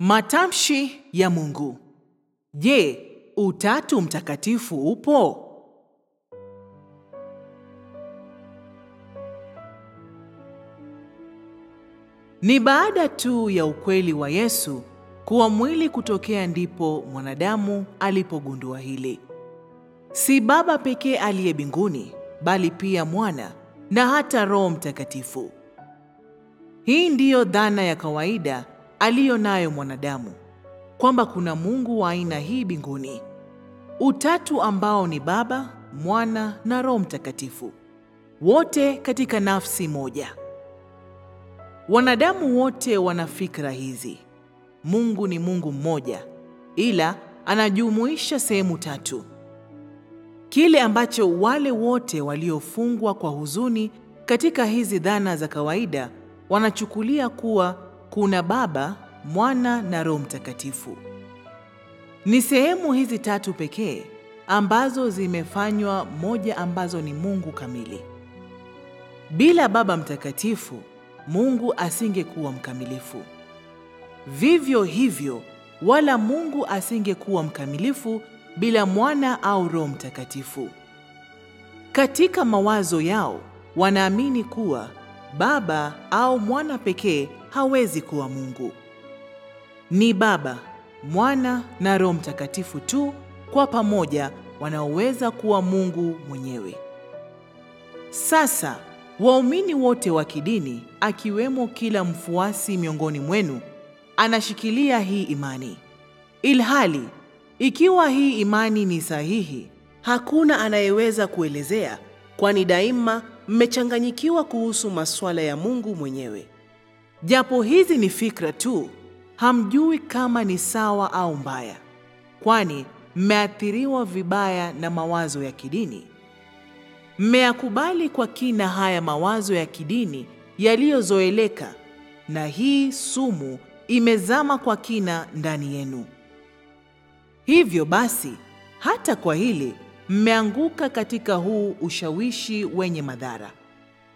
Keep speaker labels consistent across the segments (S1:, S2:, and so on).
S1: Matamshi ya Mungu. Je, Utatu Mtakatifu upo? Ni baada tu ya ukweli wa Yesu kuwa mwili kutokea ndipo mwanadamu alipogundua hili. Si Baba pekee aliye mbinguni, bali pia Mwana na hata Roho Mtakatifu. Hii ndiyo dhana ya kawaida aliyo nayo mwanadamu, kwamba kuna Mungu wa aina hii binguni utatu ambao ni Baba, Mwana na Roho Mtakatifu, wote katika nafsi moja. Wanadamu wote wana fikra hizi. Mungu ni Mungu mmoja, ila anajumuisha sehemu tatu, kile ambacho wale wote waliofungwa kwa huzuni katika hizi dhana za kawaida wanachukulia kuwa kuna Baba, Mwana na Roho Mtakatifu. Ni sehemu hizi tatu pekee ambazo zimefanywa moja, ambazo ni Mungu kamili. Bila Baba Mtakatifu, Mungu asingekuwa mkamilifu. Vivyo hivyo, wala Mungu asingekuwa mkamilifu bila Mwana au Roho Mtakatifu. Katika mawazo yao wanaamini kuwa Baba au Mwana pekee hawezi kuwa Mungu. Ni Baba, Mwana na Roho Mtakatifu tu kwa pamoja wanaoweza kuwa Mungu mwenyewe. Sasa waumini wote wa kidini, akiwemo kila mfuasi miongoni mwenu, anashikilia hii imani. Ilhali ikiwa hii imani ni sahihi, hakuna anayeweza kuelezea, kwani daima mmechanganyikiwa kuhusu masuala ya Mungu mwenyewe. Japo hizi ni fikra tu, hamjui kama ni sawa au mbaya, kwani mmeathiriwa vibaya na mawazo ya kidini. Mmeyakubali kwa kina haya mawazo ya kidini yaliyozoeleka, na hii sumu imezama kwa kina ndani yenu. Hivyo basi, hata kwa hili mmeanguka katika huu ushawishi wenye madhara,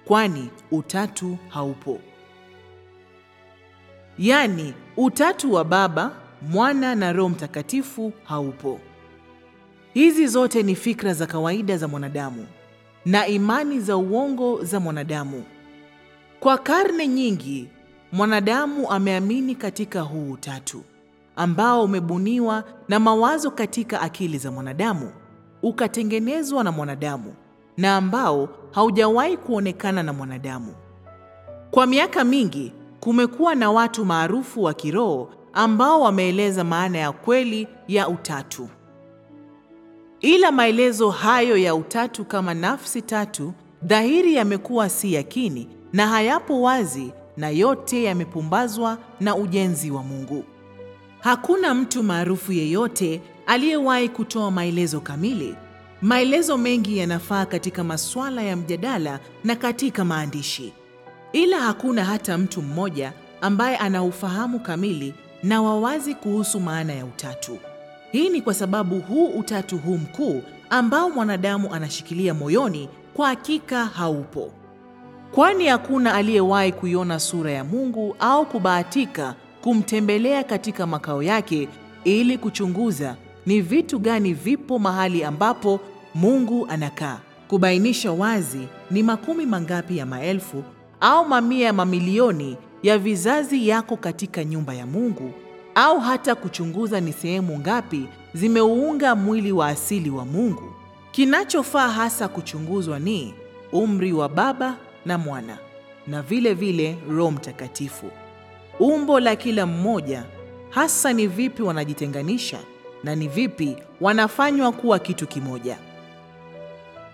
S1: kwani utatu haupo yaani utatu wa Baba, Mwana na Roho Mtakatifu haupo. Hizi zote ni fikra za kawaida za mwanadamu na imani za uongo za mwanadamu. Kwa karne nyingi, mwanadamu ameamini katika huu utatu ambao umebuniwa na mawazo katika akili za mwanadamu, ukatengenezwa na mwanadamu na ambao haujawahi kuonekana na mwanadamu. Kwa miaka mingi kumekuwa na watu maarufu wa kiroho ambao wameeleza maana ya kweli ya utatu. Ila maelezo hayo ya utatu kama nafsi tatu dhahiri yamekuwa si yakini na hayapo wazi, na yote yamepumbazwa na ujenzi wa Mungu. Hakuna mtu maarufu yeyote aliyewahi kutoa maelezo kamili. Maelezo mengi yanafaa katika masuala ya mjadala na katika maandishi ila hakuna hata mtu mmoja ambaye ana ufahamu kamili na wawazi kuhusu maana ya utatu. Hii ni kwa sababu huu utatu huu mkuu ambao mwanadamu anashikilia moyoni kwa hakika haupo, kwani hakuna aliyewahi kuiona sura ya Mungu au kubahatika kumtembelea katika makao yake ili kuchunguza ni vitu gani vipo mahali ambapo Mungu anakaa, kubainisha wazi ni makumi mangapi ya maelfu au mamia ya mamilioni ya vizazi yako katika nyumba ya Mungu au hata kuchunguza ni sehemu ngapi zimeuunga mwili wa asili wa Mungu. Kinachofaa hasa kuchunguzwa ni umri wa Baba na Mwana na vile vile Roho Mtakatifu. Umbo la kila mmoja hasa ni vipi wanajitenganisha na ni vipi wanafanywa kuwa kitu kimoja.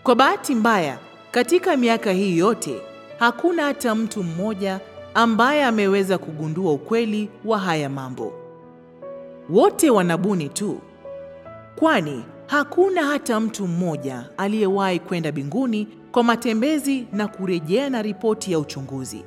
S1: Kwa bahati mbaya, katika miaka hii yote hakuna hata mtu mmoja ambaye ameweza kugundua ukweli wa haya mambo. Wote wanabuni tu, kwani hakuna hata mtu mmoja aliyewahi kwenda binguni kwa matembezi na kurejea na ripoti ya uchunguzi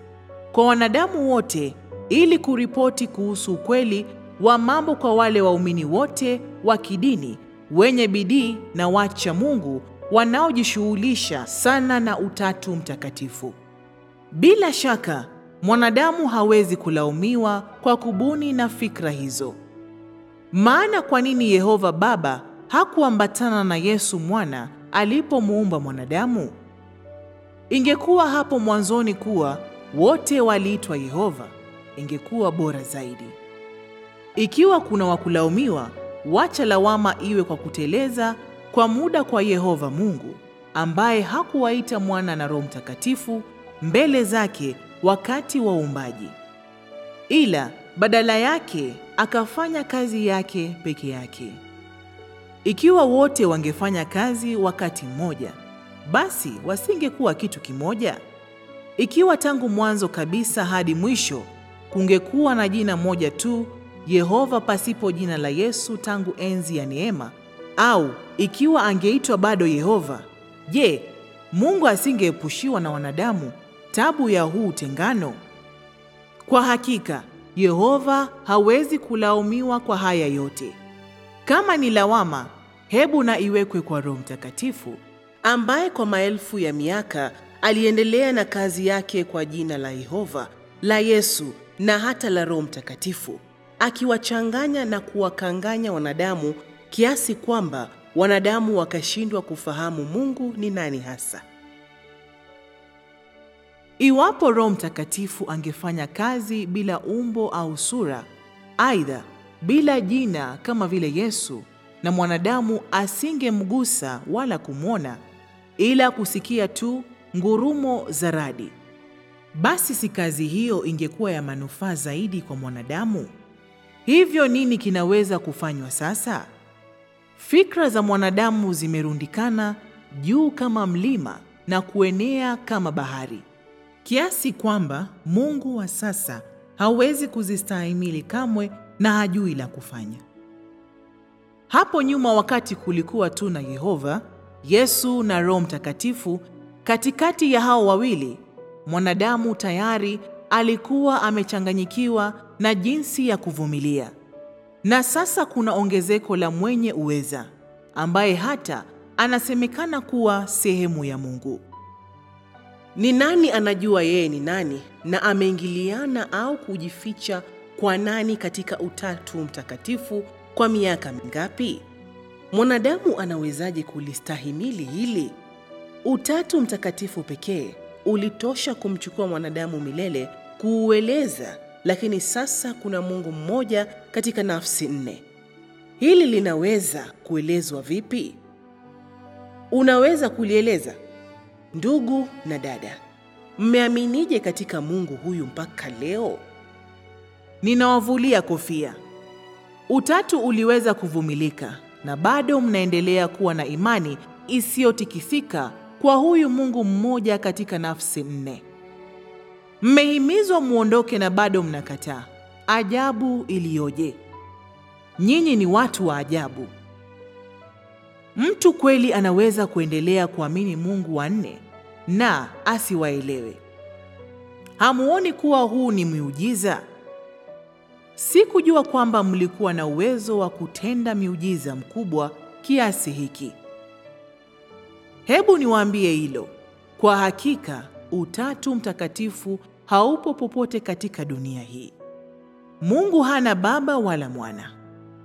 S1: kwa wanadamu wote, ili kuripoti kuhusu ukweli wa mambo kwa wale waumini wote wa kidini wenye bidii na wacha Mungu wanaojishughulisha sana na Utatu Mtakatifu. Bila shaka mwanadamu hawezi kulaumiwa kwa kubuni na fikra hizo. Maana kwa nini Yehova Baba hakuambatana na Yesu Mwana alipomuumba mwanadamu? Ingekuwa hapo mwanzoni kuwa wote waliitwa Yehova, ingekuwa bora zaidi. Ikiwa kuna wakulaumiwa, wacha lawama iwe kwa kuteleza kwa muda kwa Yehova Mungu ambaye hakuwaita Mwana na Roho Mtakatifu mbele zake wakati wa uumbaji, ila badala yake akafanya kazi yake peke yake. Ikiwa wote wangefanya kazi wakati mmoja, basi wasingekuwa kitu kimoja. Ikiwa tangu mwanzo kabisa hadi mwisho kungekuwa na jina moja tu Yehova, pasipo jina la Yesu tangu enzi ya neema, au ikiwa angeitwa bado Yehova, je, Mungu asingeepushiwa na wanadamu tabu ya huu utengano? Kwa hakika Yehova hawezi kulaumiwa kwa haya yote. Kama ni lawama, hebu na iwekwe kwa Roho Mtakatifu ambaye kwa maelfu ya miaka aliendelea na kazi yake kwa jina la Yehova, la Yesu na hata la Roho Mtakatifu, akiwachanganya na kuwakanganya wanadamu kiasi kwamba wanadamu wakashindwa kufahamu Mungu ni nani hasa. Iwapo Roho Mtakatifu angefanya kazi bila umbo au sura, aidha bila jina kama vile Yesu, na mwanadamu asingemgusa wala kumwona, ila kusikia tu ngurumo za radi, basi si kazi hiyo ingekuwa ya manufaa zaidi kwa mwanadamu? Hivyo nini kinaweza kufanywa sasa? Fikra za mwanadamu zimerundikana juu kama mlima na kuenea kama bahari kiasi kwamba Mungu wa sasa hawezi kuzistahimili kamwe na hajui la kufanya. Hapo nyuma, wakati kulikuwa tu na Yehova, Yesu na Roho Mtakatifu, katikati ya hao wawili, mwanadamu tayari alikuwa amechanganyikiwa na jinsi ya kuvumilia. Na sasa kuna ongezeko la mwenye uweza ambaye hata anasemekana kuwa sehemu ya Mungu. Ni nani anajua yeye ni nani na ameingiliana au kujificha kwa nani katika Utatu Mtakatifu kwa miaka mingapi? Mwanadamu anawezaje kulistahimili hili? Utatu Mtakatifu pekee ulitosha kumchukua mwanadamu milele kuueleza, lakini sasa kuna Mungu mmoja katika nafsi nne. Hili linaweza kuelezwa vipi? Unaweza kulieleza? Ndugu na dada, mmeaminije katika Mungu huyu mpaka leo? Ninawavulia kofia. Utatu uliweza kuvumilika na bado mnaendelea kuwa na imani isiyotikisika kwa huyu Mungu mmoja katika nafsi nne. Mmehimizwa muondoke na bado mnakataa. Ajabu iliyoje! Nyinyi ni watu wa ajabu. Mtu kweli anaweza kuendelea kuamini Mungu wanne na asiwaelewe? Hamuoni kuwa huu ni miujiza? Sikujua kwamba mlikuwa na uwezo wa kutenda miujiza mkubwa kiasi hiki. Hebu niwaambie hilo, kwa hakika Utatu Mtakatifu haupo popote katika dunia hii. Mungu hana baba wala mwana.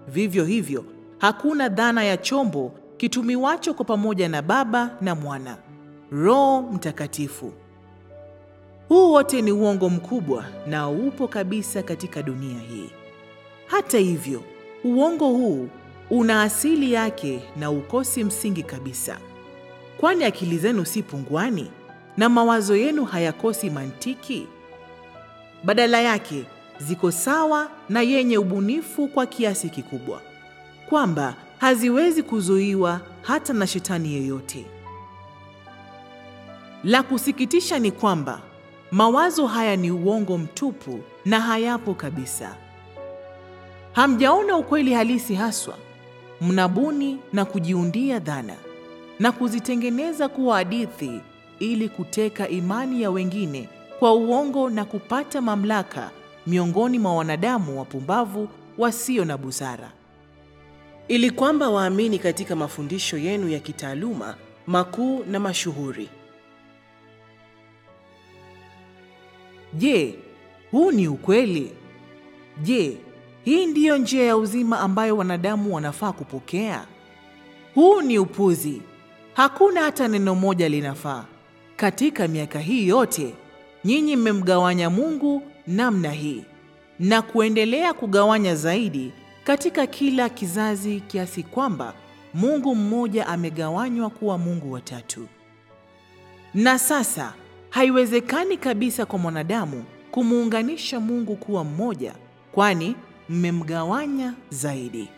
S1: Vivyo hivyo, hakuna dhana ya chombo kitumiwacho kwa pamoja na Baba na Mwana, Roho Mtakatifu. Huu wote ni uongo mkubwa na upo kabisa katika dunia hii. Hata hivyo, uongo huu una asili yake na ukosi msingi kabisa, kwani akili zenu si pungwani na mawazo yenu hayakosi mantiki. Badala yake ziko sawa na yenye ubunifu kwa kiasi kikubwa, kwamba haziwezi kuzuiwa hata na shetani yeyote. La kusikitisha ni kwamba mawazo haya ni uongo mtupu na hayapo kabisa. Hamjaona ukweli halisi haswa, mnabuni na kujiundia dhana na kuzitengeneza kuwa hadithi ili kuteka imani ya wengine kwa uongo na kupata mamlaka miongoni mwa wanadamu wapumbavu wasio na busara ili kwamba waamini katika mafundisho yenu ya kitaaluma makuu na mashuhuri. Je, huu ni ukweli? Je, hii ndiyo njia ya uzima ambayo wanadamu wanafaa kupokea? Huu ni upuzi. Hakuna hata neno moja linafaa. Katika miaka hii yote, nyinyi mmemgawanya Mungu namna hii na kuendelea kugawanya zaidi katika kila kizazi, kiasi kwamba Mungu mmoja amegawanywa kuwa Mungu watatu. Na sasa haiwezekani kabisa kwa mwanadamu kumuunganisha Mungu kuwa mmoja, kwani mmemgawanya zaidi.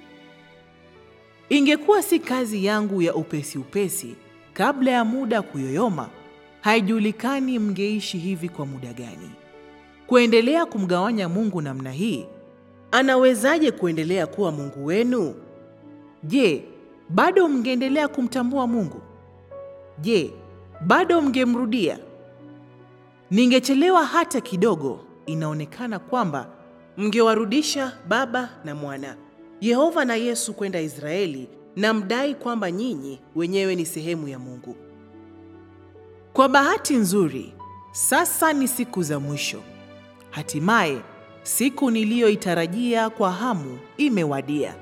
S1: Ingekuwa si kazi yangu ya upesi upesi, kabla ya muda kuyoyoma, haijulikani mngeishi hivi kwa muda gani. Kuendelea kumgawanya Mungu namna hii anawezaje kuendelea kuwa Mungu wenu? Je, bado mngeendelea kumtambua Mungu? Je, bado mngemrudia? Ningechelewa hata kidogo, inaonekana kwamba mngewarudisha baba na mwana, Yehova na Yesu, kwenda Israeli na mdai kwamba nyinyi wenyewe ni sehemu ya Mungu. Kwa bahati nzuri, sasa ni siku za mwisho. Hatimaye Siku niliyoitarajia kwa hamu imewadia,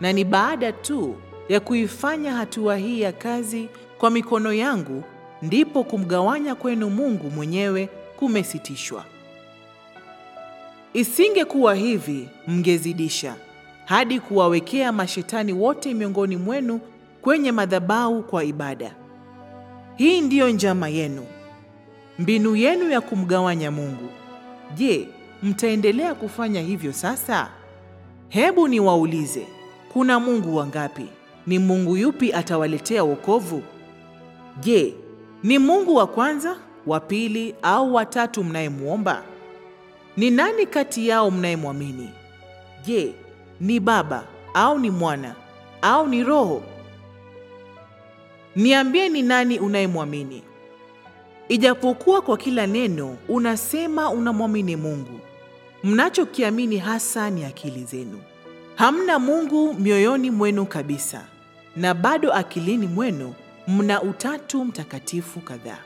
S1: na ni baada tu ya kuifanya hatua hii ya kazi kwa mikono yangu ndipo kumgawanya kwenu Mungu mwenyewe kumesitishwa. Isingekuwa hivi, mngezidisha hadi kuwawekea mashetani wote miongoni mwenu kwenye madhabahu kwa ibada. Hii ndiyo njama yenu, mbinu yenu ya kumgawanya Mungu. Je, mtaendelea kufanya hivyo sasa? Hebu niwaulize, kuna Mungu wangapi? Ni Mungu yupi atawaletea wokovu? Je, ni Mungu wa kwanza, wa pili au wa tatu mnayemwomba? Ni nani kati yao mnayemwamini? Je, ni Baba au ni Mwana au ni Roho? Niambie, ni nani unayemwamini? Ijapokuwa kwa kila neno unasema unamwamini Mungu, mnachokiamini hasa ni akili zenu. Hamna Mungu mioyoni mwenu kabisa, na bado akilini mwenu mna Utatu Mtakatifu kadhaa.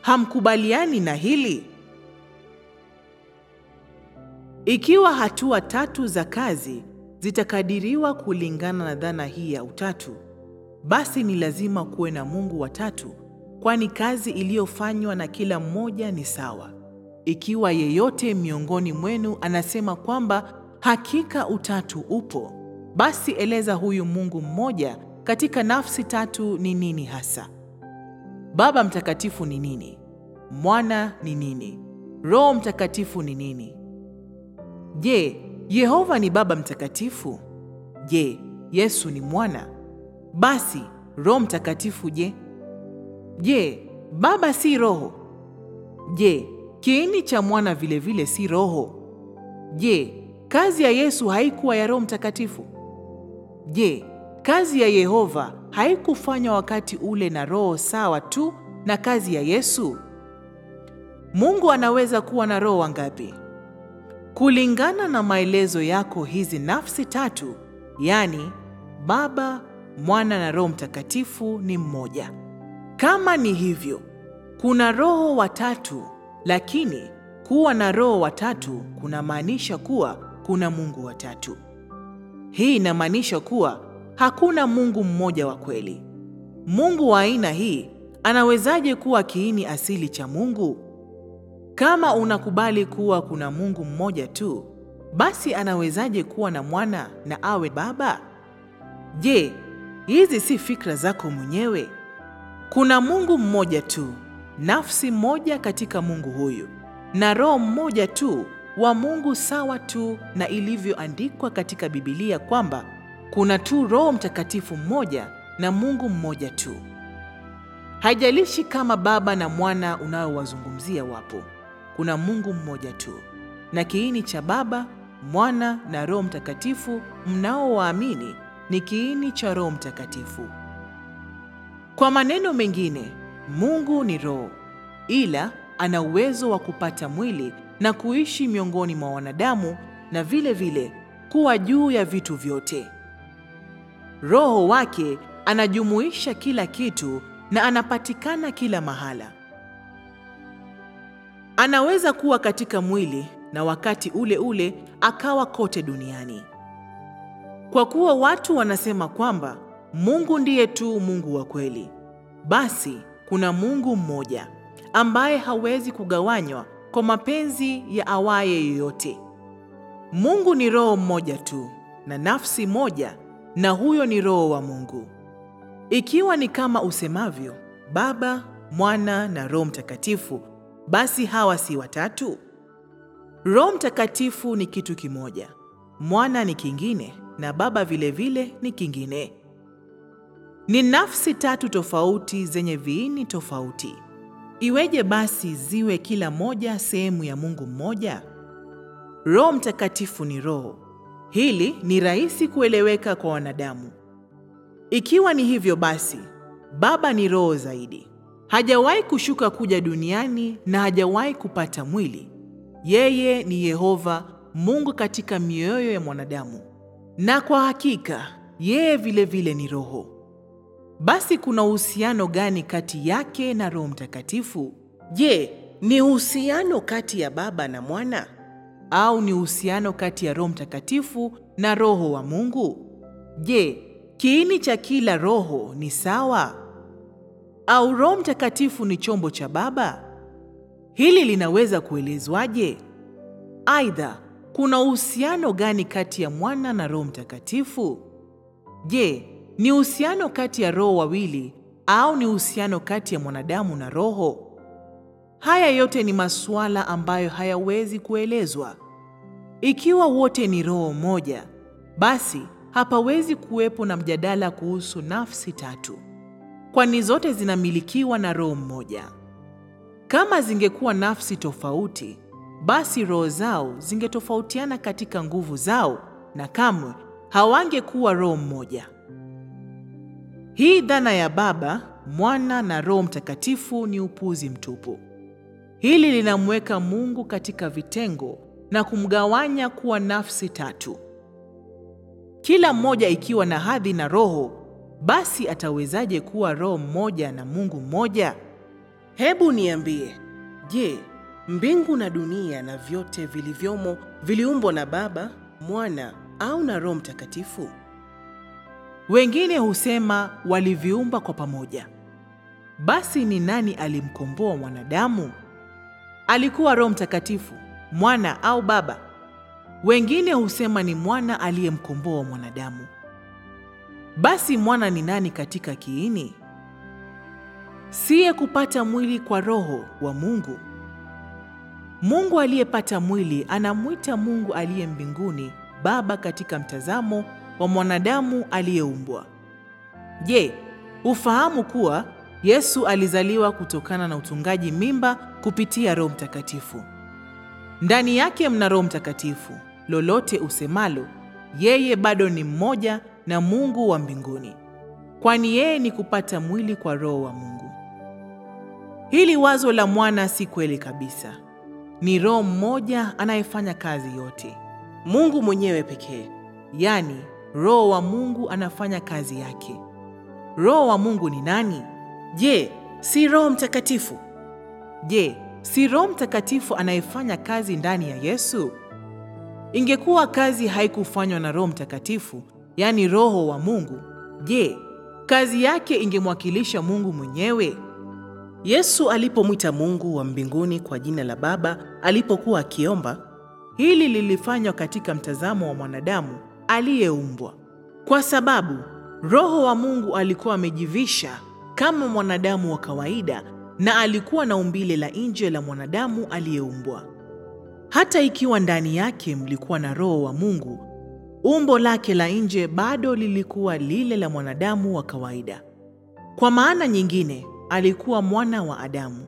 S1: Hamkubaliani na hili? Ikiwa hatua tatu za kazi zitakadiriwa kulingana na dhana hii ya Utatu, basi ni lazima kuwe na Mungu watatu, kwani kazi iliyofanywa na kila mmoja ni sawa. Ikiwa yeyote miongoni mwenu anasema kwamba hakika utatu upo, basi eleza huyu Mungu mmoja katika nafsi tatu ni nini hasa. Baba Mtakatifu ni nini? Mwana ni nini? Roho Mtakatifu ni nini? Je, Yehova ni Baba Mtakatifu? Je, Yesu ni Mwana? Basi Roho Mtakatifu je? Je, Baba si Roho? Je, Kiini cha mwana vilevile vile si roho. Je, kazi ya Yesu haikuwa ya Roho Mtakatifu? Je, kazi ya Yehova haikufanywa wakati ule na roho sawa tu na kazi ya Yesu? Mungu anaweza kuwa na roho wangapi? Kulingana na maelezo yako, hizi nafsi tatu, yaani Baba, Mwana na Roho Mtakatifu ni mmoja. Kama ni hivyo, kuna roho watatu lakini kuwa na roho watatu kunamaanisha kuwa kuna Mungu watatu. Hii inamaanisha kuwa hakuna Mungu mmoja wa kweli. Mungu wa aina hii anawezaje kuwa kiini asili cha Mungu? Kama unakubali kuwa kuna Mungu mmoja tu, basi anawezaje kuwa na mwana na awe baba? Je, hizi si fikra zako mwenyewe? Kuna Mungu mmoja tu nafsi moja katika Mungu huyu na roho mmoja tu wa Mungu sawa tu na ilivyoandikwa katika Biblia kwamba kuna tu Roho Mtakatifu mmoja na Mungu mmoja tu. Haijalishi kama Baba na Mwana unaowazungumzia wapo, kuna Mungu mmoja tu, na kiini cha Baba, Mwana na Roho Mtakatifu mnaowaamini ni kiini cha Roho Mtakatifu. Kwa maneno mengine Mungu ni roho, ila ana uwezo wa kupata mwili na kuishi miongoni mwa wanadamu na vile vile kuwa juu ya vitu vyote. Roho wake anajumuisha kila kitu na anapatikana kila mahala. Anaweza kuwa katika mwili na wakati ule ule akawa kote duniani. Kwa kuwa watu wanasema kwamba Mungu ndiye tu Mungu wa kweli, basi kuna Mungu mmoja ambaye hawezi kugawanywa kwa mapenzi ya awaye yoyote. Mungu ni roho mmoja tu na nafsi moja, na huyo ni Roho wa Mungu. Ikiwa ni kama usemavyo Baba, Mwana na Roho Mtakatifu, basi hawa si watatu? Roho Mtakatifu ni kitu kimoja, Mwana ni kingine na Baba vilevile vile ni kingine ni nafsi tatu tofauti zenye viini tofauti. Iweje basi ziwe kila moja sehemu ya Mungu mmoja? Roho Mtakatifu ni Roho. Hili ni rahisi kueleweka kwa wanadamu. Ikiwa ni hivyo basi, Baba ni Roho zaidi. Hajawahi kushuka kuja duniani na hajawahi kupata mwili. Yeye ni Yehova Mungu katika mioyo ya mwanadamu, na kwa hakika yeye vilevile ni Roho. Basi kuna uhusiano gani kati yake na Roho Mtakatifu? Je, ni uhusiano kati ya Baba na Mwana au ni uhusiano kati ya Roho Mtakatifu na Roho wa Mungu? Je, kiini cha kila roho ni sawa au Roho Mtakatifu ni chombo cha Baba? Hili linaweza kuelezwaje? Aidha, kuna uhusiano gani kati ya Mwana na Roho Mtakatifu? Je, ni uhusiano kati ya roho wawili au ni uhusiano kati ya mwanadamu na roho? Haya yote ni masuala ambayo hayawezi kuelezwa. Ikiwa wote ni roho moja, basi hapawezi kuwepo na mjadala kuhusu nafsi tatu, kwani zote zinamilikiwa na roho mmoja. Kama zingekuwa nafsi tofauti, basi roho zao zingetofautiana katika nguvu zao na kamwe hawangekuwa roho mmoja. Hii dhana ya Baba, Mwana na Roho Mtakatifu ni upuzi mtupu. Hili linamweka Mungu katika vitengo na kumgawanya kuwa nafsi tatu, kila mmoja ikiwa na hadhi na roho. Basi atawezaje kuwa roho mmoja na Mungu mmoja? Hebu niambie, je, mbingu na dunia na vyote vilivyomo viliumbwa na Baba, Mwana au na Roho Mtakatifu? Wengine husema waliviumba kwa pamoja. Basi ni nani alimkomboa mwanadamu? Alikuwa Roho Mtakatifu, mwana au Baba? Wengine husema ni mwana aliyemkomboa mwanadamu. Basi mwana ni nani katika kiini? Siye kupata mwili kwa Roho wa Mungu. Mungu aliyepata mwili anamwita Mungu aliye mbinguni Baba katika mtazamo wa mwanadamu aliyeumbwa. Je, hufahamu kuwa Yesu alizaliwa kutokana na utungaji mimba kupitia Roho Mtakatifu? Ndani yake mna Roho Mtakatifu. Lolote usemalo, yeye bado ni mmoja na Mungu wa mbinguni, kwani yeye ni kupata mwili kwa Roho wa Mungu. Hili wazo la mwana si kweli kabisa. Ni Roho mmoja anayefanya kazi yote, Mungu mwenyewe pekee, yaani Roho wa Mungu anafanya kazi yake. Roho wa Mungu ni nani? Je, si Roho Mtakatifu? Je, si Roho Mtakatifu anayefanya kazi ndani ya Yesu? Ingekuwa kazi haikufanywa na Roho Mtakatifu, yaani Roho wa Mungu, je, kazi yake ingemwakilisha Mungu mwenyewe? Yesu alipomwita Mungu wa mbinguni kwa jina la Baba alipokuwa akiomba, hili lilifanywa katika mtazamo wa mwanadamu aliyeumbwa, kwa sababu Roho wa Mungu alikuwa amejivisha kama mwanadamu wa kawaida na alikuwa na umbile la nje la mwanadamu aliyeumbwa. Hata ikiwa ndani yake mlikuwa na Roho wa Mungu, umbo lake la nje bado lilikuwa lile la mwanadamu wa kawaida. Kwa maana nyingine, alikuwa mwana wa Adamu,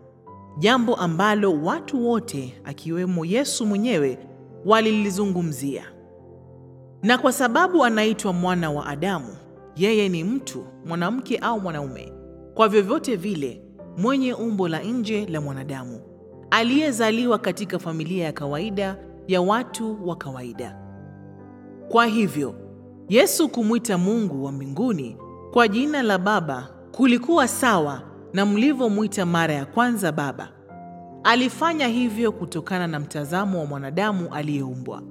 S1: jambo ambalo watu wote akiwemo Yesu mwenyewe walilizungumzia. Na kwa sababu anaitwa mwana wa Adamu, yeye ni mtu, mwanamke au mwanaume, kwa vyovyote vile, mwenye umbo la nje la mwanadamu, aliyezaliwa katika familia ya kawaida ya watu wa kawaida. Kwa hivyo, Yesu kumwita Mungu wa mbinguni kwa jina la Baba kulikuwa sawa na mlivyomwita mara ya kwanza Baba. Alifanya hivyo kutokana na mtazamo wa mwanadamu aliyeumbwa.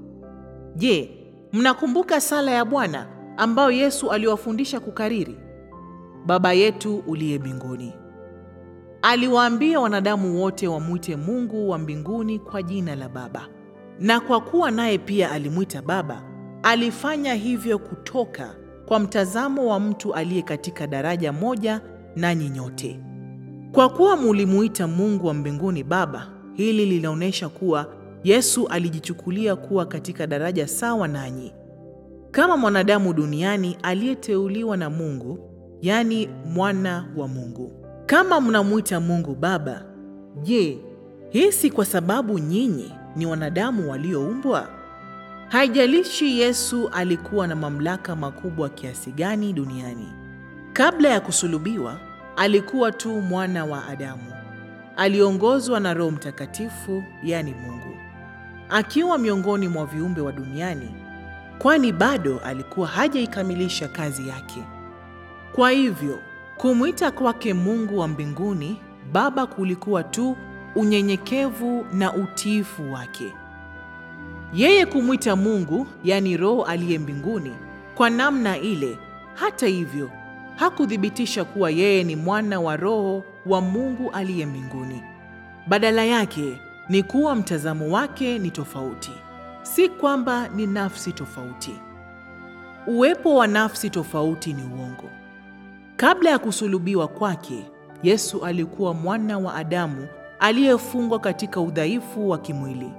S1: Je, Mnakumbuka sala ya Bwana ambayo Yesu aliwafundisha kukariri, Baba yetu uliye mbinguni. Aliwaambia wanadamu wote wamwite Mungu wa mbinguni kwa jina la Baba, na kwa kuwa naye pia alimwita Baba, alifanya hivyo kutoka kwa mtazamo wa mtu aliye katika daraja moja nanyi nyote. Kwa kuwa mulimuita Mungu wa mbinguni Baba, hili linaonyesha kuwa Yesu alijichukulia kuwa katika daraja sawa nanyi, kama mwanadamu duniani aliyeteuliwa na Mungu, yani mwana wa Mungu. Kama mnamwita Mungu Baba, je, hii si kwa sababu nyinyi ni wanadamu walioumbwa? Haijalishi Yesu alikuwa na mamlaka makubwa kiasi gani duniani. Kabla ya kusulubiwa, alikuwa tu mwana wa Adamu. Aliongozwa na Roho Mtakatifu, yani Mungu akiwa miongoni mwa viumbe wa duniani, kwani bado alikuwa hajaikamilisha kazi yake. Kwa hivyo kumwita kwake Mungu wa mbinguni Baba kulikuwa tu unyenyekevu na utiifu wake. Yeye kumwita Mungu, yaani Roho aliye mbinguni, kwa namna ile, hata hivyo, hakuthibitisha kuwa yeye ni mwana wa Roho wa Mungu aliye mbinguni. Badala yake ni kuwa mtazamo wake ni tofauti, si kwamba ni nafsi tofauti. Uwepo wa nafsi tofauti ni uongo. Kabla ya kusulubiwa kwake, Yesu alikuwa mwana wa Adamu aliyefungwa katika udhaifu wa kimwili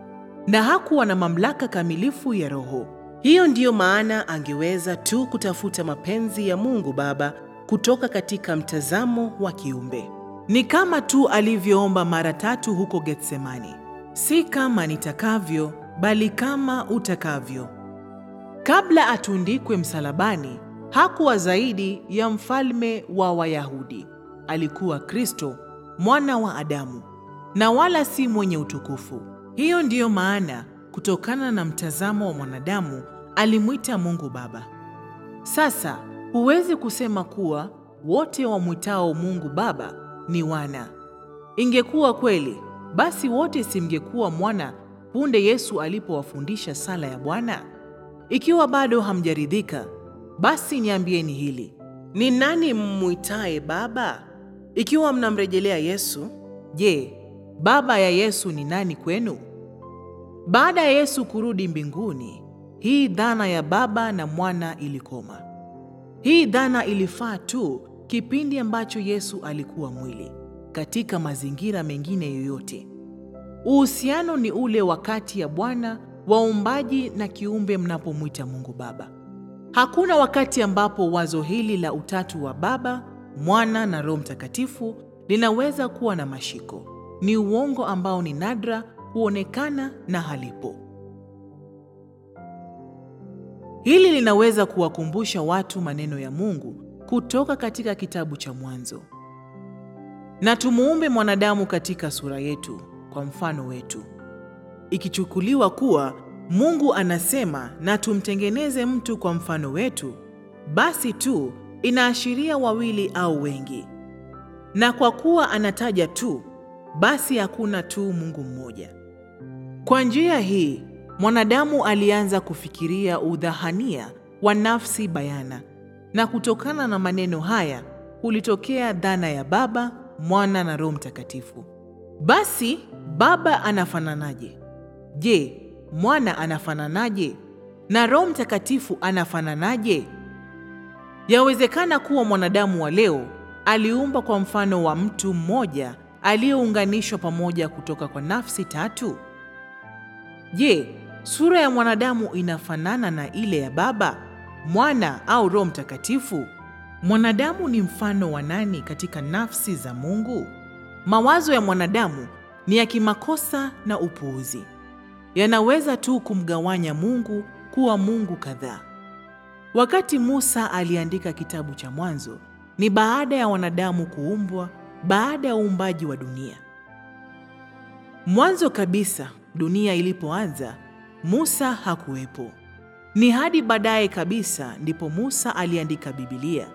S1: na hakuwa na mamlaka kamilifu ya roho. Hiyo ndiyo maana angeweza tu kutafuta mapenzi ya Mungu Baba kutoka katika mtazamo wa kiumbe. Ni kama tu alivyoomba mara tatu huko Getsemani si kama nitakavyo, bali kama utakavyo. Kabla atundikwe msalabani, hakuwa zaidi ya mfalme wa Wayahudi. Alikuwa Kristo, mwana wa Adamu, na wala si mwenye utukufu. Hiyo ndiyo maana kutokana na mtazamo wa mwanadamu alimwita Mungu Baba. Sasa huwezi kusema kuwa wote wamwitao Mungu Baba ni wana. Ingekuwa kweli basi wote simgekuwa mwana punde Yesu alipowafundisha sala ya Bwana? Ikiwa bado hamjaridhika, basi niambieni hili, ni nani mmwitaye Baba? Ikiwa mnamrejelea Yesu, je, baba ya Yesu ni nani kwenu? Baada ya Yesu kurudi mbinguni, hii dhana ya baba na mwana ilikoma. Hii dhana ilifaa tu kipindi ambacho Yesu alikuwa mwili katika mazingira mengine yoyote. Uhusiano ni ule wakati ya Bwana waumbaji na kiumbe mnapomwita Mungu Baba. Hakuna wakati ambapo wazo hili la utatu wa Baba, Mwana na Roho Mtakatifu linaweza kuwa na mashiko. Ni uongo ambao ni nadra huonekana na halipo. Hili linaweza kuwakumbusha watu maneno ya Mungu kutoka katika kitabu cha Mwanzo na tumuumbe mwanadamu katika sura yetu, kwa mfano wetu. Ikichukuliwa kuwa Mungu anasema na tumtengeneze mtu kwa mfano wetu, basi tu inaashiria wawili au wengi, na kwa kuwa anataja tu, basi hakuna tu Mungu mmoja. Kwa njia hii mwanadamu alianza kufikiria udhahania wa nafsi bayana, na kutokana na maneno haya kulitokea dhana ya Baba Mwana na Roho Mtakatifu. Basi Baba anafananaje? Je, Mwana anafananaje? Na Roho Mtakatifu anafananaje? Yawezekana kuwa mwanadamu wa leo aliumba kwa mfano wa mtu mmoja aliyeunganishwa pamoja kutoka kwa nafsi tatu. Je, sura ya mwanadamu inafanana na ile ya Baba, Mwana au Roho Mtakatifu? Mwanadamu ni mfano wa nani katika nafsi za Mungu? Mawazo ya mwanadamu ni ya kimakosa na upuuzi. Yanaweza tu kumgawanya Mungu kuwa Mungu kadhaa. Wakati Musa aliandika kitabu cha Mwanzo, ni baada ya wanadamu kuumbwa, baada ya uumbaji wa dunia. Mwanzo kabisa dunia ilipoanza, Musa hakuwepo. Ni hadi baadaye kabisa ndipo Musa aliandika Biblia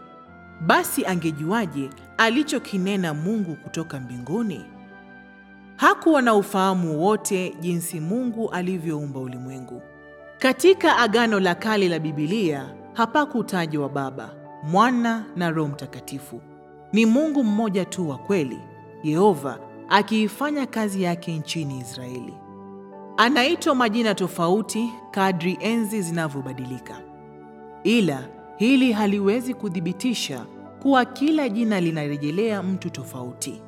S1: basi angejuaje alichokinena Mungu kutoka mbinguni? Hakuwa na ufahamu wote jinsi Mungu alivyoumba ulimwengu. Katika Agano la Kale la Biblia hapakutajwa Baba, Mwana na Roho Mtakatifu. Ni Mungu mmoja tu wa kweli, Yehova, akiifanya kazi yake nchini Israeli. Anaitwa majina tofauti kadri enzi zinavyobadilika, ila Hili haliwezi kuthibitisha kuwa kila jina linarejelea mtu tofauti.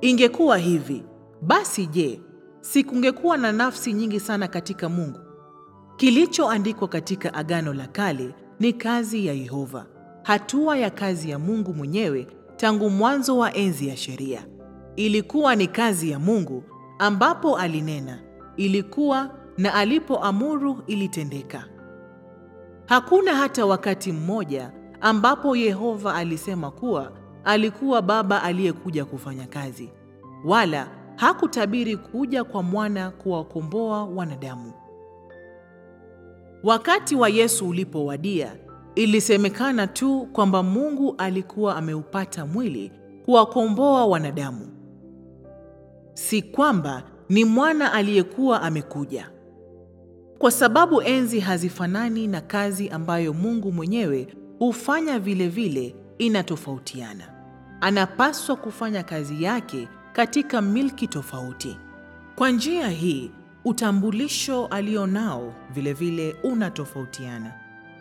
S1: Ingekuwa hivi basi, je, si kungekuwa na nafsi nyingi sana katika Mungu? Kilichoandikwa katika Agano la Kale ni kazi ya Yehova, hatua ya kazi ya Mungu mwenyewe tangu mwanzo wa enzi ya sheria. Ilikuwa ni kazi ya Mungu ambapo alinena, ilikuwa na alipoamuru ilitendeka. Hakuna hata wakati mmoja ambapo Yehova alisema kuwa alikuwa baba aliyekuja kufanya kazi, wala hakutabiri kuja kwa mwana kuwakomboa wanadamu. Wakati wa Yesu ulipowadia, ilisemekana tu kwamba Mungu alikuwa ameupata mwili kuwakomboa wanadamu, si kwamba ni mwana aliyekuwa amekuja. Kwa sababu enzi hazifanani na kazi ambayo Mungu mwenyewe hufanya vile vile inatofautiana. Anapaswa kufanya kazi yake katika milki tofauti. Kwa njia hii, utambulisho alionao vile vile unatofautiana.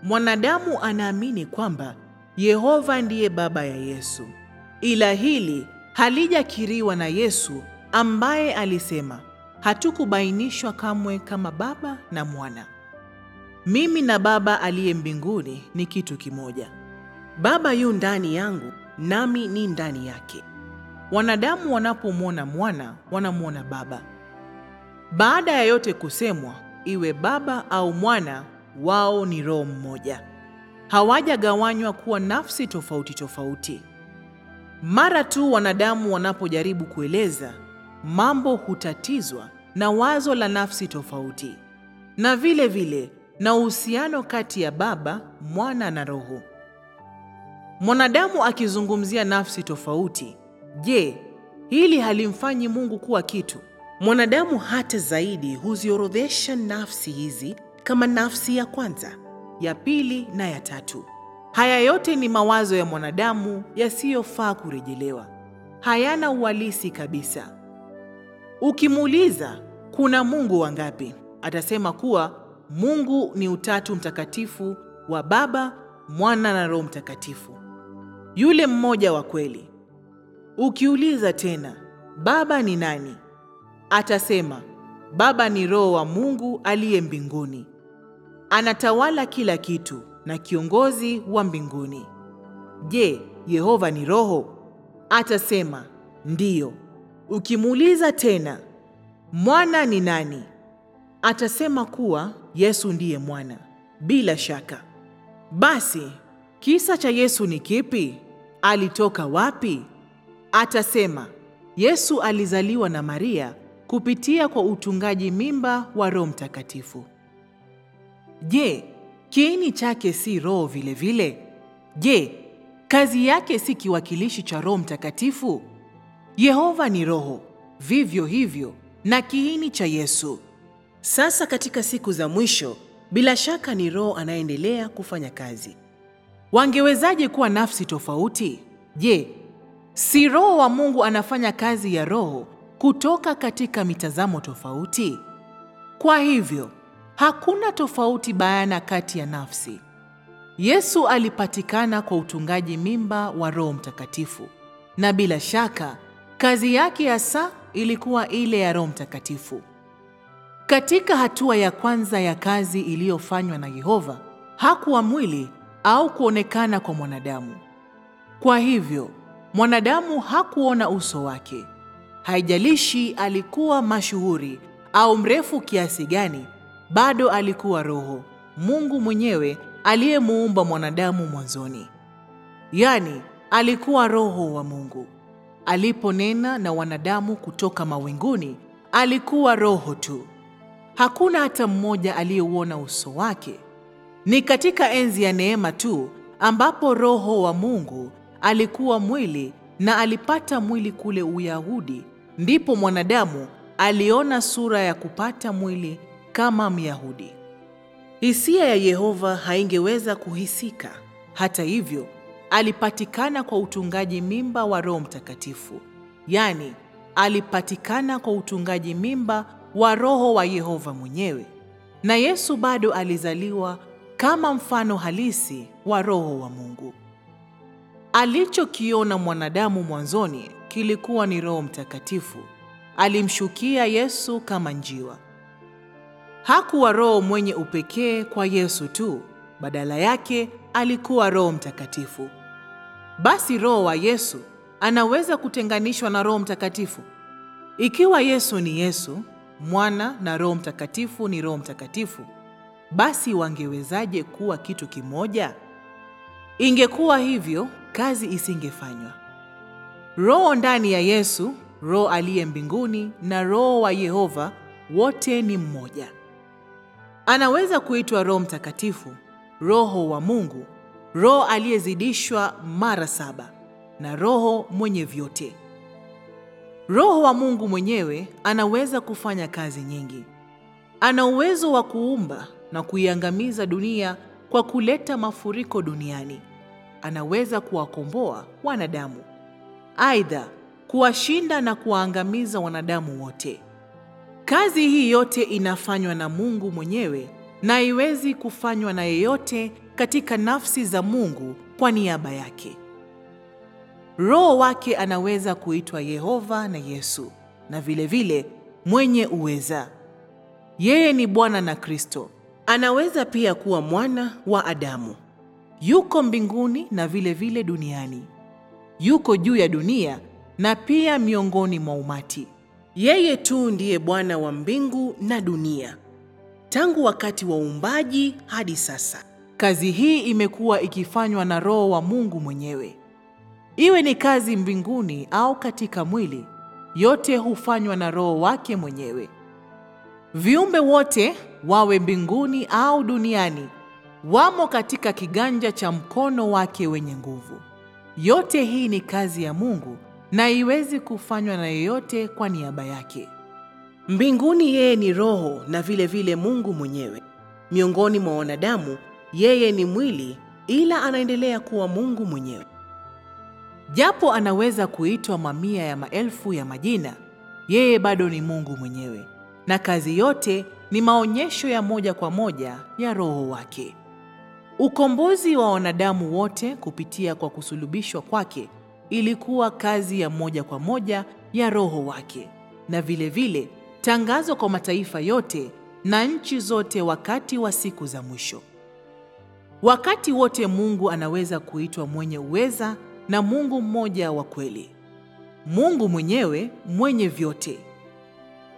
S1: Mwanadamu anaamini kwamba Yehova ndiye baba ya Yesu, ila hili halijakiriwa na Yesu ambaye alisema hatukubainishwa kamwe kama Baba na Mwana. Mimi na Baba aliye mbinguni ni kitu kimoja. Baba yu ndani yangu nami ni ndani yake. Wanadamu wanapomwona Mwana wanamwona Baba. Baada ya yote kusemwa, iwe Baba au Mwana, wao ni Roho mmoja, hawajagawanywa kuwa nafsi tofauti tofauti. Mara tu wanadamu wanapojaribu kueleza mambo hutatizwa na wazo la nafsi tofauti, na vile vile na uhusiano kati ya Baba, Mwana na Roho. Mwanadamu akizungumzia nafsi tofauti, je, hili halimfanyi Mungu kuwa kitu? Mwanadamu hata zaidi huziorodhesha nafsi hizi kama nafsi ya kwanza, ya pili na ya tatu. Haya yote ni mawazo ya mwanadamu yasiyofaa kurejelewa, hayana uhalisi kabisa. Ukimuuliza kuna Mungu wangapi, atasema kuwa Mungu ni utatu mtakatifu wa Baba, Mwana na Roho Mtakatifu, yule mmoja wa kweli. Ukiuliza tena Baba ni nani, atasema Baba ni Roho wa Mungu aliye mbinguni, anatawala kila kitu na kiongozi wa mbinguni. Je, Yehova ni Roho? Atasema ndiyo. Ukimuuliza tena mwana ni nani, atasema kuwa Yesu ndiye mwana. Bila shaka. Basi kisa cha Yesu ni kipi? Alitoka wapi? Atasema Yesu alizaliwa na Maria kupitia kwa utungaji mimba wa Roho Mtakatifu. Je, kiini chake si Roho vilevile? Je, kazi yake si kiwakilishi cha Roho Mtakatifu? Yehova ni Roho, vivyo hivyo na kiini cha Yesu. Sasa katika siku za mwisho, bila shaka ni Roho anayeendelea kufanya kazi. Wangewezaje kuwa nafsi tofauti? Je, si Roho wa Mungu anafanya kazi ya Roho kutoka katika mitazamo tofauti? Kwa hivyo hakuna tofauti bayana kati ya nafsi. Yesu alipatikana kwa utungaji mimba wa Roho Mtakatifu, na bila shaka Kazi yake hasa ilikuwa ile ya Roho Mtakatifu. Katika hatua ya kwanza ya kazi iliyofanywa na Yehova, hakuwa mwili au kuonekana kwa mwanadamu. Kwa hivyo, mwanadamu hakuona uso wake. Haijalishi alikuwa mashuhuri au mrefu kiasi gani, bado alikuwa roho, Mungu mwenyewe aliyemuumba mwanadamu mwanzoni. Yaani, alikuwa roho wa Mungu. Aliponena na wanadamu kutoka mawinguni, alikuwa roho tu, hakuna hata mmoja aliyeuona uso wake. Ni katika enzi ya neema tu ambapo Roho wa Mungu alikuwa mwili na alipata mwili kule Uyahudi, ndipo mwanadamu aliona sura ya kupata mwili kama Myahudi. Hisia ya Yehova haingeweza kuhisika. Hata hivyo, alipatikana kwa utungaji mimba wa Roho Mtakatifu, yaani alipatikana kwa utungaji mimba wa Roho wa Yehova mwenyewe. Na Yesu bado alizaliwa kama mfano halisi wa Roho wa Mungu. Alichokiona mwanadamu mwanzoni kilikuwa ni Roho Mtakatifu. Alimshukia Yesu kama njiwa. Hakuwa Roho mwenye upekee kwa Yesu tu, badala yake alikuwa Roho Mtakatifu basi Roho wa Yesu anaweza kutenganishwa na Roho Mtakatifu. Ikiwa Yesu ni Yesu, Mwana na Roho Mtakatifu ni Roho Mtakatifu, basi wangewezaje kuwa kitu kimoja? Ingekuwa hivyo, kazi isingefanywa. Roho ndani ya Yesu, Roho aliye mbinguni na Roho wa Yehova wote ni mmoja. Anaweza kuitwa Roho Mtakatifu, Roho wa Mungu Roho aliyezidishwa mara saba na Roho mwenye vyote. Roho wa Mungu mwenyewe anaweza kufanya kazi nyingi. Ana uwezo wa kuumba na kuiangamiza dunia kwa kuleta mafuriko duniani. Anaweza kuwakomboa wanadamu, aidha kuwashinda na kuwaangamiza wanadamu wote. Kazi hii yote inafanywa na Mungu mwenyewe na haiwezi kufanywa na yeyote katika nafsi za Mungu kwa niaba yake. Roho wake anaweza kuitwa Yehova na Yesu, na vilevile vile, mwenye uweza. Yeye ni Bwana na Kristo. Anaweza pia kuwa mwana wa Adamu. Yuko mbinguni na vilevile vile duniani. Yuko juu ya dunia na pia miongoni mwa umati. Yeye tu ndiye Bwana wa mbingu na dunia tangu wakati wa uumbaji hadi sasa. Kazi hii imekuwa ikifanywa na Roho wa Mungu mwenyewe, iwe ni kazi mbinguni au katika mwili, yote hufanywa na Roho wake mwenyewe. Viumbe wote wawe mbinguni au duniani wamo katika kiganja cha mkono wake wenye nguvu. Yote hii ni kazi ya Mungu na haiwezi kufanywa na yeyote kwa niaba yake. Mbinguni yeye ni roho na vile vile Mungu mwenyewe. Miongoni mwa wanadamu yeye ni mwili ila anaendelea kuwa Mungu mwenyewe. Japo anaweza kuitwa mamia ya maelfu ya majina, yeye bado ni Mungu mwenyewe na kazi yote ni maonyesho ya moja kwa moja ya roho wake. Ukombozi wa wanadamu wote kupitia kwa kusulubishwa kwake ilikuwa kazi ya moja kwa moja ya roho wake na vile vile tangazo kwa mataifa yote na nchi zote wakati wa siku za mwisho. Wakati wote Mungu anaweza kuitwa mwenye uweza na Mungu mmoja wa kweli, Mungu mwenyewe mwenye vyote.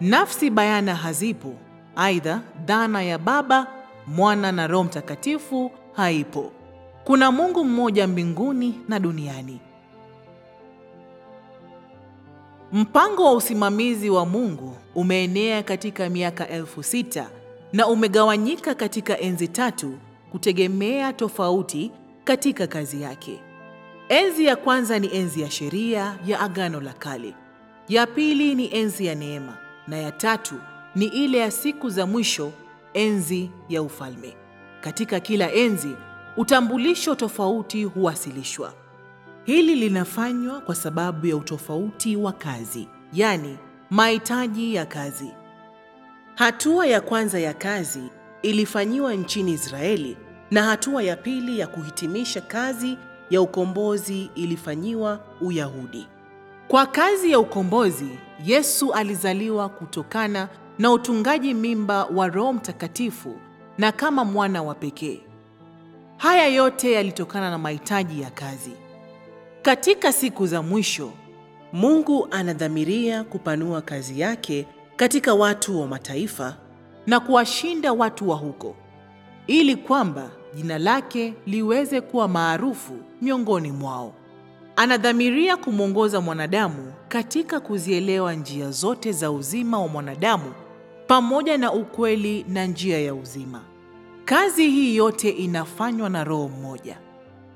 S1: Nafsi bayana hazipo, aidha dhana ya Baba, Mwana na Roho Mtakatifu haipo. Kuna Mungu mmoja mbinguni na duniani. Mpango wa usimamizi wa Mungu umeenea katika miaka elfu sita na umegawanyika katika enzi tatu kutegemea tofauti katika kazi yake. Enzi ya kwanza ni enzi ya sheria ya Agano la Kale, ya pili ni enzi ya neema, na ya tatu ni ile ya siku za mwisho, enzi ya ufalme. Katika kila enzi utambulisho tofauti huwasilishwa. Hili linafanywa kwa sababu ya utofauti wa kazi, yani Mahitaji ya kazi. Hatua ya kwanza ya kazi ilifanyiwa nchini Israeli na hatua ya pili ya kuhitimisha kazi ya ukombozi ilifanyiwa Uyahudi. Kwa kazi ya ukombozi, Yesu alizaliwa kutokana na utungaji mimba wa Roho Mtakatifu na kama mwana wa pekee. Haya yote yalitokana na mahitaji ya kazi. Katika siku za mwisho Mungu anadhamiria kupanua kazi yake katika watu wa mataifa na kuwashinda watu wa huko, ili kwamba jina lake liweze kuwa maarufu miongoni mwao. Anadhamiria kumwongoza mwanadamu katika kuzielewa njia zote za uzima wa mwanadamu pamoja na ukweli na njia ya uzima. Kazi hii yote inafanywa na Roho mmoja,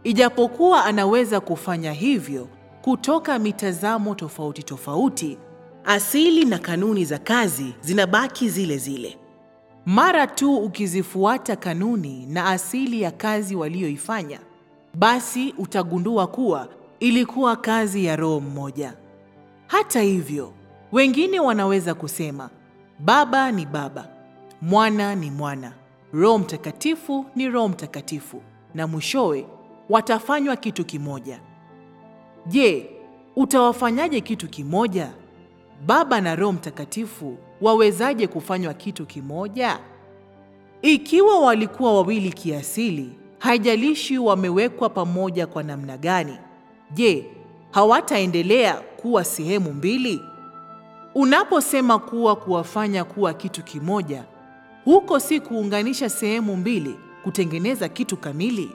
S1: ijapokuwa anaweza kufanya hivyo kutoka mitazamo tofauti tofauti, asili na kanuni za kazi zinabaki zile zile. Mara tu ukizifuata kanuni na asili ya kazi waliyoifanya, basi utagundua kuwa ilikuwa kazi ya roho mmoja. Hata hivyo, wengine wanaweza kusema Baba ni Baba, Mwana ni Mwana, Roho Mtakatifu ni Roho Mtakatifu, na mwishowe watafanywa kitu kimoja. Je, utawafanyaje kitu kimoja? Baba na Roho Mtakatifu wawezaje kufanywa kitu kimoja? Ikiwa walikuwa wawili kiasili, haijalishi wamewekwa pamoja kwa namna gani, je, hawataendelea kuwa sehemu mbili? Unaposema kuwa kuwafanya kuwa kitu kimoja, huko si kuunganisha sehemu mbili kutengeneza kitu kamili?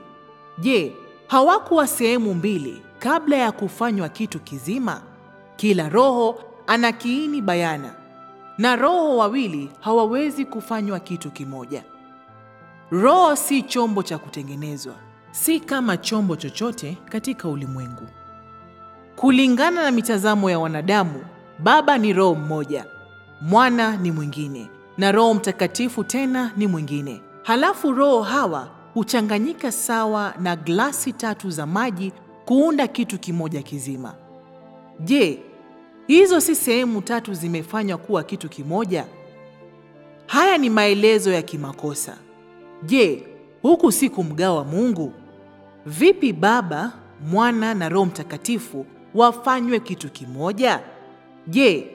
S1: Je, hawakuwa sehemu mbili kabla ya kufanywa kitu kizima, kila roho ana kiini bayana, na roho wawili hawawezi kufanywa kitu kimoja. Roho si chombo cha kutengenezwa, si kama chombo chochote katika ulimwengu. Kulingana na mitazamo ya wanadamu, Baba ni roho mmoja, Mwana ni mwingine, na Roho Mtakatifu tena ni mwingine. Halafu roho hawa huchanganyika sawa na glasi tatu za maji kuunda kitu kimoja kizima. Je, hizo si sehemu tatu zimefanywa kuwa kitu kimoja? Haya ni maelezo ya kimakosa. Je, huku si kumgawa Mungu? Vipi Baba, Mwana na Roho Mtakatifu wafanywe kitu kimoja? Je,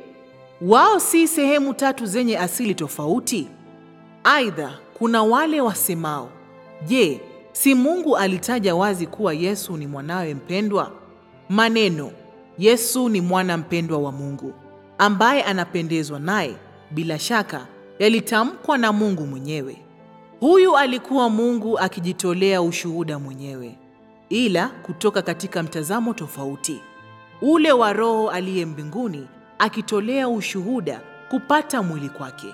S1: wao si sehemu tatu zenye asili tofauti? Aidha, kuna wale wasemao, je, Si Mungu alitaja wazi kuwa Yesu ni mwanawe mpendwa? Maneno Yesu ni mwana mpendwa wa Mungu ambaye anapendezwa naye, bila shaka yalitamkwa na Mungu mwenyewe. Huyu alikuwa Mungu akijitolea ushuhuda mwenyewe, ila kutoka katika mtazamo tofauti, ule wa Roho aliye mbinguni akitolea ushuhuda kupata mwili kwake.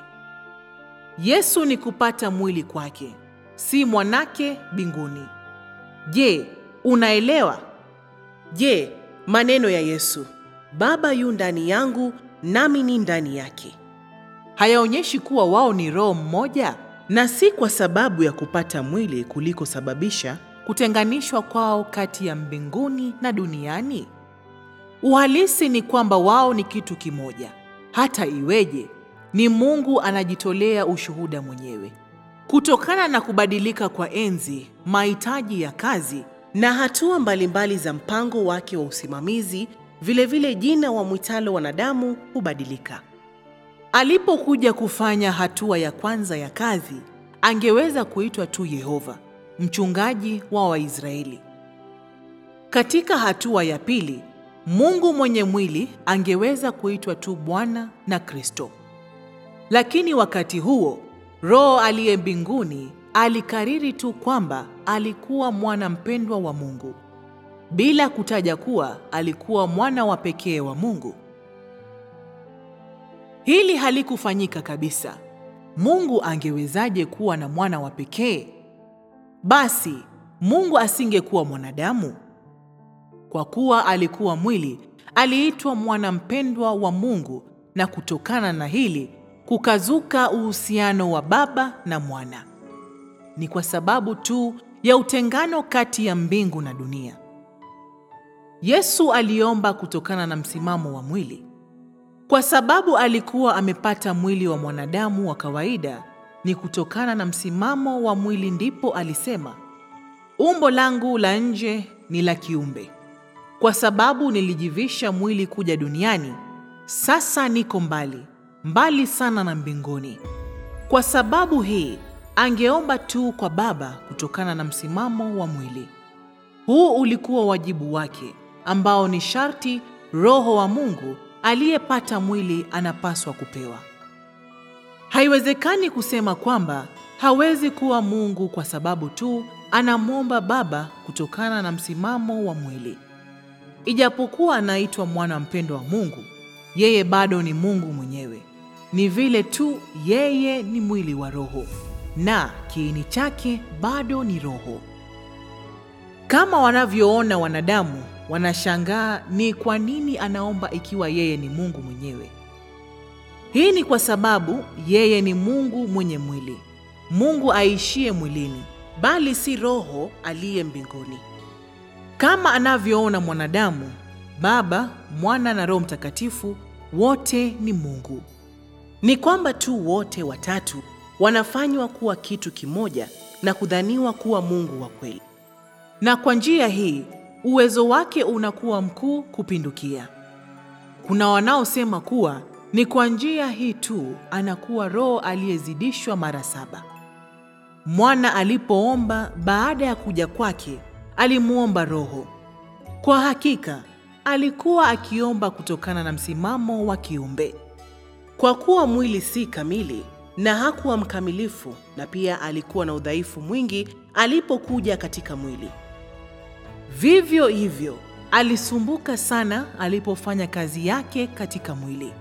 S1: Yesu ni kupata mwili kwake, si mwanake binguni Je, unaelewa? Je, maneno ya Yesu, Baba yu ndani yangu nami ni ndani yake, hayaonyeshi kuwa wao ni roho mmoja, na si kwa sababu ya kupata mwili kulikosababisha kutenganishwa kwao kati ya mbinguni na duniani? Uhalisi ni kwamba wao ni kitu kimoja. Hata iweje, ni Mungu anajitolea ushuhuda mwenyewe. Kutokana na kubadilika kwa enzi, mahitaji ya kazi na hatua mbalimbali za mpango wake wa usimamizi, vilevile vile jina wa mwitalo wanadamu hubadilika. Alipokuja kufanya hatua ya kwanza ya kazi, angeweza kuitwa tu Yehova, mchungaji wa Waisraeli. Katika hatua ya pili, Mungu mwenye mwili angeweza kuitwa tu Bwana na Kristo. Lakini wakati huo Roho aliye mbinguni alikariri tu kwamba alikuwa mwana mpendwa wa Mungu bila kutaja kuwa alikuwa mwana wa pekee wa Mungu. Hili halikufanyika kabisa. Mungu angewezaje kuwa na mwana wa pekee? Basi Mungu asingekuwa mwanadamu. Kwa kuwa alikuwa mwili, aliitwa mwana mpendwa wa Mungu, na kutokana na hili kukazuka uhusiano wa baba na mwana. Ni kwa sababu tu ya utengano kati ya mbingu na dunia. Yesu aliomba kutokana na msimamo wa mwili. Kwa sababu alikuwa amepata mwili wa mwanadamu wa kawaida, ni kutokana na msimamo wa mwili ndipo alisema, umbo langu la nje ni la kiumbe. Kwa sababu nilijivisha mwili kuja duniani, sasa niko mbali, mbali sana na mbinguni. Kwa sababu hii angeomba tu kwa Baba kutokana na msimamo wa mwili. Huu ulikuwa wajibu wake ambao ni sharti Roho wa Mungu aliyepata mwili anapaswa kupewa. Haiwezekani kusema kwamba hawezi kuwa Mungu kwa sababu tu anamwomba Baba kutokana na msimamo wa mwili. Ijapokuwa anaitwa mwana mpendwa wa Mungu, yeye bado ni Mungu mwenyewe. Ni vile tu yeye ni mwili wa roho na kiini chake bado ni roho. Kama wanavyoona wanadamu, wanashangaa ni kwa nini anaomba ikiwa yeye ni Mungu mwenyewe. Hii ni kwa sababu yeye ni Mungu mwenye mwili, Mungu aishie mwilini, bali si roho aliye mbinguni. Kama anavyoona mwanadamu, Baba, Mwana na Roho Mtakatifu wote ni Mungu ni kwamba tu wote watatu wanafanywa kuwa kitu kimoja na kudhaniwa kuwa Mungu wa kweli, na kwa njia hii uwezo wake unakuwa mkuu kupindukia. Kuna wanaosema kuwa ni kwa njia hii tu anakuwa Roho aliyezidishwa mara saba. Mwana alipoomba baada ya kuja kwake, alimwomba Roho. Kwa hakika alikuwa akiomba kutokana na msimamo wa kiumbe. Kwa kuwa mwili si kamili na hakuwa mkamilifu, na pia alikuwa na udhaifu mwingi alipokuja katika mwili. Vivyo hivyo alisumbuka sana alipofanya kazi yake katika mwili.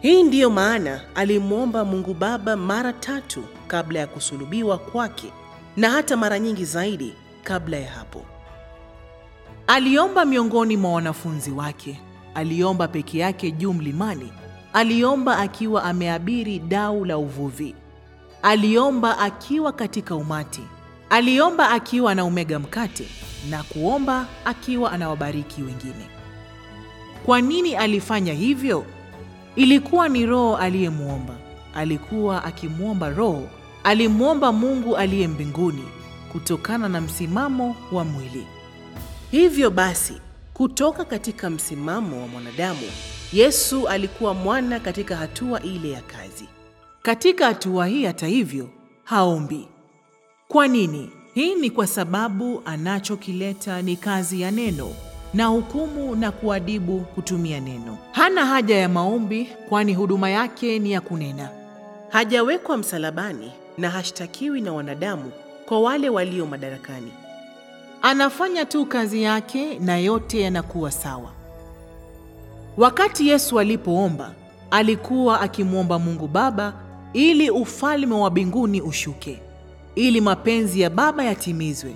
S1: Hii ndiyo maana alimwomba Mungu Baba mara tatu kabla ya kusulubiwa kwake na hata mara nyingi zaidi kabla ya hapo. Aliomba miongoni mwa wanafunzi wake, aliomba peke yake juu mlimani Aliomba akiwa ameabiri dau la uvuvi. Aliomba akiwa katika umati. Aliomba akiwa anaumega mkate na kuomba akiwa anawabariki wengine. Kwa nini alifanya hivyo? Ilikuwa ni Roho aliyemwomba. Alikuwa akimwomba Roho, alimwomba Mungu aliye mbinguni kutokana na msimamo wa mwili. Hivyo basi, kutoka katika msimamo wa mwanadamu Yesu alikuwa mwana katika hatua ile ya kazi. Katika hatua hii, hata hivyo, haombi. Kwa nini? Hii ni kwa sababu anachokileta ni kazi ya neno na hukumu na kuadibu kutumia neno. Hana haja ya maombi, kwani huduma yake ni ya kunena. Hajawekwa msalabani na hashtakiwi na wanadamu kwa wale walio madarakani. Anafanya tu kazi yake na yote yanakuwa sawa. Wakati Yesu alipoomba, alikuwa akimwomba Mungu Baba ili ufalme wa mbinguni ushuke, ili mapenzi ya Baba yatimizwe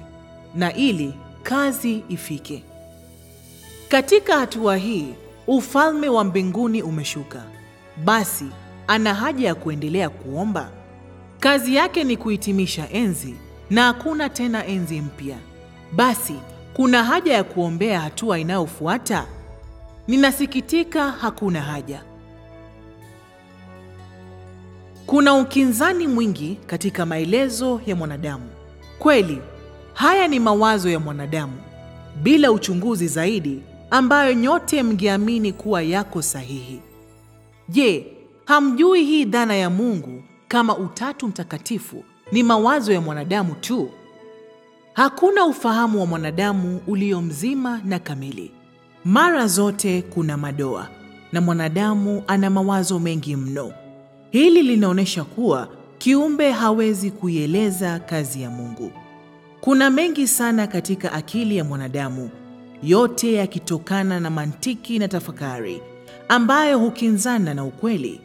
S1: na ili kazi ifike. Katika hatua hii, ufalme wa mbinguni umeshuka. Basi ana haja ya kuendelea kuomba. Kazi yake ni kuhitimisha enzi na hakuna tena enzi mpya. Basi kuna haja ya kuombea hatua inayofuata Ninasikitika, hakuna haja. Kuna ukinzani mwingi katika maelezo ya mwanadamu. Kweli, haya ni mawazo ya mwanadamu bila uchunguzi zaidi, ambayo nyote mngeamini kuwa yako sahihi. Je, hamjui hii dhana ya Mungu kama Utatu Mtakatifu ni mawazo ya mwanadamu tu? Hakuna ufahamu wa mwanadamu ulio mzima na kamili mara zote kuna madoa na mwanadamu ana mawazo mengi mno. Hili linaonyesha kuwa kiumbe hawezi kuieleza kazi ya Mungu. Kuna mengi sana katika akili ya mwanadamu, yote yakitokana na mantiki na tafakari ambayo hukinzana na ukweli.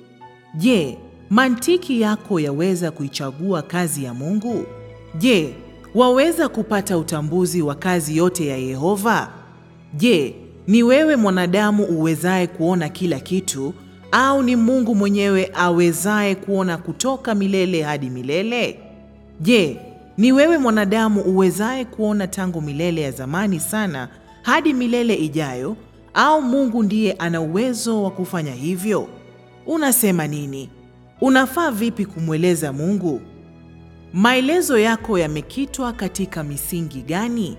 S1: Je, mantiki yako yaweza kuichagua kazi ya Mungu? Je, waweza kupata utambuzi wa kazi yote ya Yehova? Je, ni wewe mwanadamu uwezaye kuona kila kitu au ni Mungu mwenyewe awezaye kuona kutoka milele hadi milele? Je, ni wewe mwanadamu uwezaye kuona tangu milele ya zamani sana hadi milele ijayo au Mungu ndiye ana uwezo wa kufanya hivyo? Unasema nini? Unafaa vipi kumweleza Mungu? Maelezo yako yamekitwa katika misingi gani?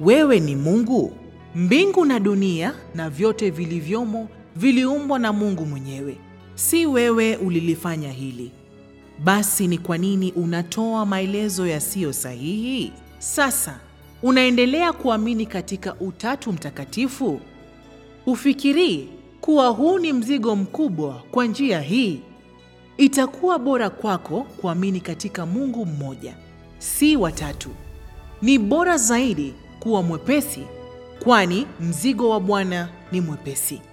S1: Wewe ni Mungu? Mbingu na dunia na vyote vilivyomo viliumbwa na Mungu mwenyewe, si wewe ulilifanya hili. Basi ni kwa nini unatoa maelezo yasiyo sahihi? Sasa unaendelea kuamini katika Utatu Mtakatifu? ufikirii kuwa huu ni mzigo mkubwa. Kwa njia hii, itakuwa bora kwako kuamini katika Mungu mmoja, si watatu. Ni bora zaidi kuwa mwepesi kwani mzigo wa Bwana ni mwepesi.